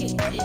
Thank you.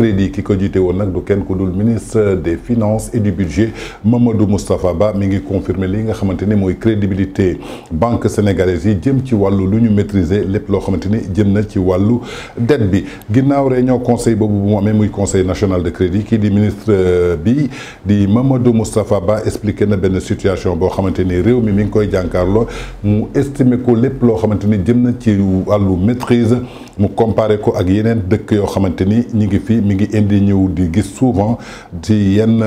crédit qui ko au woon du ministre des finances et du budget Mamadou Moustapha Ba mi ngi confirmer li nga xamante crédibilité banque sénégalaise yi jëm ci wàllu lu ñu maîtriser les plots, xamante ni na ci dette bi ginnaaw réunion conseil boobu bu même conseil national de crédit qui dit ministre euh, bi dit Mamadou Moustapha Ba expliquer na benn situation boo xamante ni réew mi mi ngi koy jànkaarloo mu estimé ko lépp loo xamante ni na ci maîtrise mu comparé ko ak yeneen dëkk yoo xamante ni ñu ngi fi mu ngi indi ñëw di gis souvent ci yenn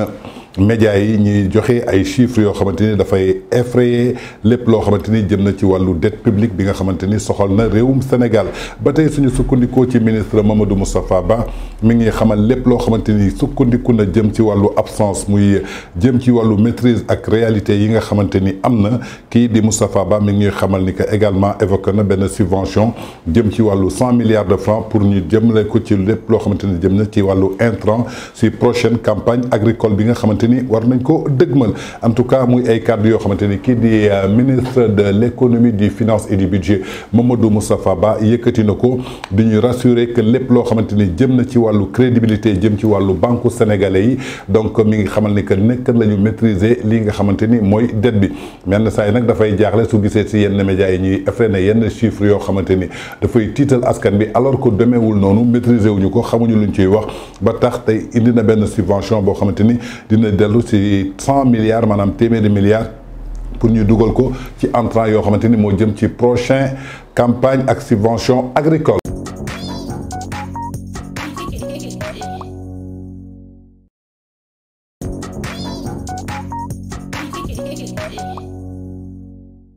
médias yi ñuy joxe ay chiffres yoo xamante ni dafay effrayer lépp loo xamante ni jëm na ci wàllu dette publique bi nga xamante ni soxal na réewum Sénégal ba tey suñu sukkandikoo ci ministre Mamadou Moustapha Ba mi ngi xamal lépp loo xamante ni sukkandiku na jëm ci wàllu absence muy jëm ci wàllu maîtrise ak réalité yi nga xamante ni am na kii di Moustapha Ba mi ngi xamal ni que également évoqué na benn subvention jëm ci wàllu cent milliards de francs pour ñu jëmale ko ci lépp loo xamante ni jëm na ci wàllu intrant si prochaine campagne agricole bi nga xamante ni war nañ ko deugmal en tout cas muy ay cadre yo xamanteni ki di euh, ministre de l'économie du finance et du budget Mamadou Moustapha Ba yëkëti nako ko di ñu rassurer que lepp lo xamanteni jëm na ci walu crédibilité jëm ci walu banque sénégalais yi donc mi ngi xamal ni que nekk la maîtriser li nga xamanteni moy dette bi menn say nak da fay jaxlé su gisee ci yenn médias yi ñuy effréné yenn chiffres yo xamanteni da fay tiital askan bi alors que wul nonu maîtriser wuñu ko xamuñu luñ ciy wax ba tax tay indi na ben subvention bo xamanteni ni dina dellu c'est 100 milliards témé des milliards pour nous dugal ko ci entra yo xamanteni mo jëm ci prochain campagne ak subvention agricole.